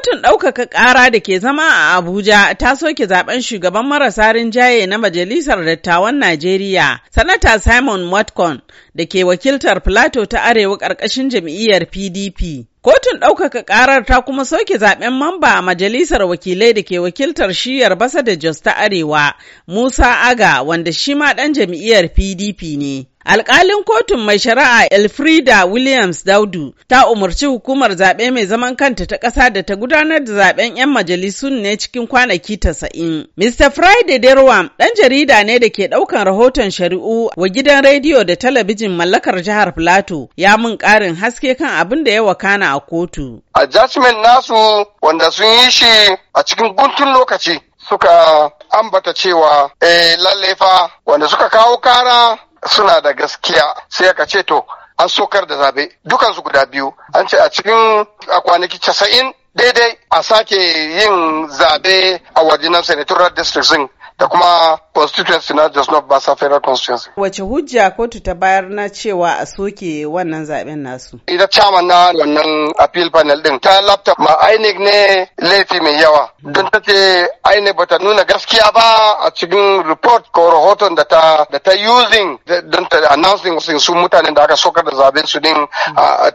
Kotun ɗaukaka ƙara da ke zama a Abuja ta soke zaben shugaban marasa rinjaye na Majalisar Dattawan Najeriya, Sanata Simon Watcon da ke wakiltar Plateau ta Arewa ƙarƙashin jam'iyyar PDP. Kotun ɗaukaka ƙarar ta kuma soke zaben mamba a majalisar wakilai da ke wakiltar shiyar basa da Jos ta Arewa, Musa Aga, wanda shi ma ɗan jam'iyyar PDP ne. Alƙalin kotun mai shari'a Elfrida Williams Daudu ta umarci hukumar zaɓe mai zaman kanta ta ƙasa da ta gudanar da zaɓen 'yan majalisun ne cikin kwanaki tasa'in. Mr. Friday Derwam ɗan jarida ne da ke ɗaukan rahoton shari'u wa gidan rediyo da talabijin mallakar jihar Plateau ya mun ƙarin haske kan abin da ya wakana a kotu. A judgment nasu wanda sun yi shi a cikin guntun lokaci suka ambata cewa eh lalle wanda suka kawo kara suna da gaskiya sai ka ce to an sokar da zabe dukansu guda biyu an ce a cikin a kwanaki casa'in daidai a sake yin zabe a wajen senatorial district da kuma constituency na just North Basa Federal Constituency. Wace hujja kotu ta bayar na cewa a soke wannan zaben nasu? Ita chairman na wannan appeal panel din ta laptop ma INEC ne laifi mai yawa. Don ta ce INEC bata nuna gaskiya ba a cikin report ko rahoton da ta da ta using don ta announcing sun su mutanen da aka sokar da zaben su din.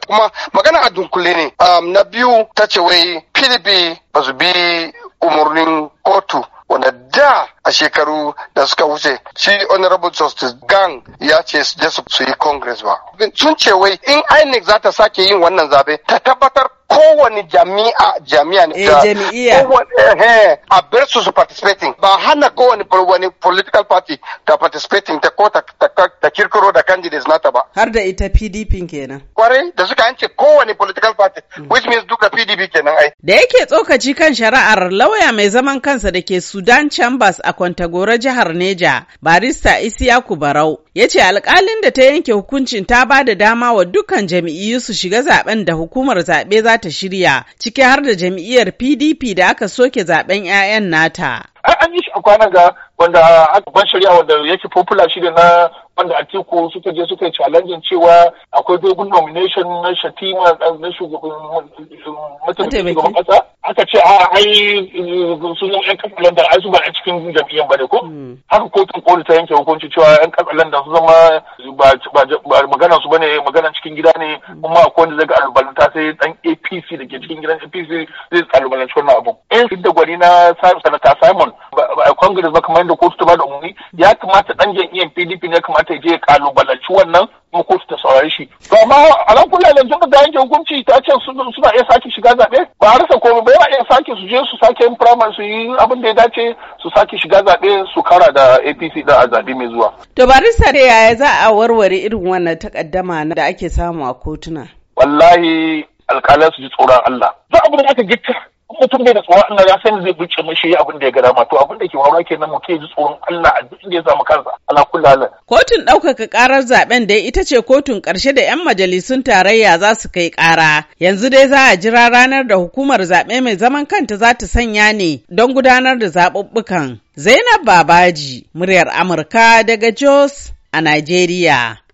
Kuma magana a dunkule ne. Um, na biyu ta ce wai PDP ba su bi umarnin kotu wanda da a shekaru da suka wuce shi honorable justice gang ya ce su yi congress ba sun ce wai in inec za ta sake yin wannan zabe ta tabbatar kowane jami'a jami'a ne eh, eh, a bar su su participating ba hana kowane wani political party ta participating ta ko ta kirkiro da candidates nata ba har da ita PDP kenan kwarai da suka yance kowane political party mm. which means duka PDP kenan ai da yake tsokaci kan shari'ar lauya mai zaman kansa da ke Sudan Chambers a Kwantagora jihar Neja, barista Isiyaku Barau, ya ce alkalin da ta yanke hukuncin ta ba da dama wa dukkan jam'iyyu su shiga zaben da hukumar zaɓe za ta shirya, ciki har da jam'iyyar PDP da aka soke zaben 'ya'yan nata. An yi shi a kwana ga wanda aka ban shari'a wanda yake popular shi na wanda Atiku suka je suka challenge cewa akwai dogon nomination na Shatima na shugaban shugaban kasa aka ce a ai sun yi yan kasa London ai su ba a cikin jam'iyyar ba ne ko hmm. haka kotun koli ta yanke hukunci cewa yan kasa London su zama ba magana su bane magana cikin gida ne hmm. kuma akwai wanda zai ga albalanta sai dan APC da ke cikin gidan APC zai albalanci wannan abu in fidda gwani na sanata Simon a congress ba kamar yadda kotu ta bada umarni ya kamata dan jam'iyyar pdp ne kamata ya je ya kalubalanci wannan kuma kotu ta saurari shi to amma alan kullalan sun da yanke hukunci ta ce suna iya sake shiga zaɓe ba a rasa komai ba yana iya sake su je su sake yin firamare su yi abin da ya dace su sake shiga zaɓe su kara da apc da a zaɓe mai zuwa. to barista da yaya za a warware irin wannan takaddama da ake samu a kotuna. wallahi alƙalai su ji tsoron allah. za a da aka gitta mutum bai da tsoron Allah ya san zai bice shi abin da ya gada to abin da ke wawa kenan mu ke ji tsoron Allah a duk inda ya samu kansa ala kullu kotun ɗaukaka karar zaben da ita ce kotun ƙarshe da 'yan majalisun tarayya za su kai ƙara yanzu dai za a jira ranar da hukumar zaɓe mai zaman kanta za ta sanya ne don gudanar da zaɓuɓɓukan zainab babaji muryar amurka daga jos a najeriya